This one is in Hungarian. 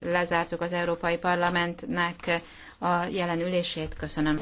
lezártuk az Európai Parlamentnek a jelen ülését. Köszönöm.